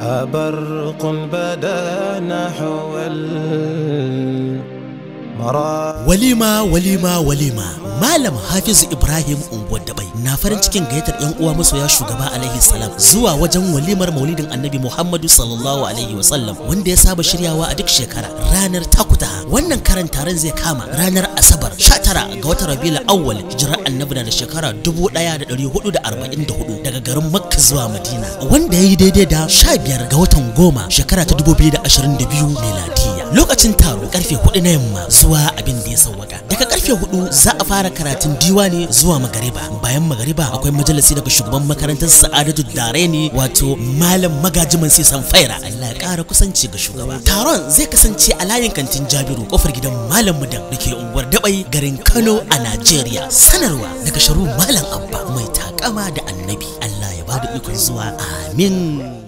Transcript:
أبرق بدا نحو ال walima walima walima malam hafizu ibrahim unguwar dabai na farin cikin gayyatar yan uwa masoya shugaba alaihi salam zuwa wajen walimar maulidin annabi muhammadu sallallahu alaihi wasallam wanda ya saba shiryawa a duk shekara ranar takuta wannan karan taron zai kama ranar asabar 19 ga watan rabiul awwal hijirar annabi da shekara 1444 daga garin makka zuwa madina wanda ya yi daidai da 15 ga watan goma shekara ta 2022 miladi lokacin taro karfe hudu na yamma zuwa abin da ya sauwaka daga karfe hudu za a fara karatun diwani zuwa magariba bayan magariba akwai majalisi daga shugaban makarantar sa'adatu dareni wato malam magajiman sai san faira Allah ya kara kusanci ga shugaba taron zai kasance a layin kantin jabiru kofar gidan malam mudan da ke unguwar dabai garin kano a najeriya sanarwa daga sharu malam abba mai takama da annabi Allah ya bada ikon zuwa amin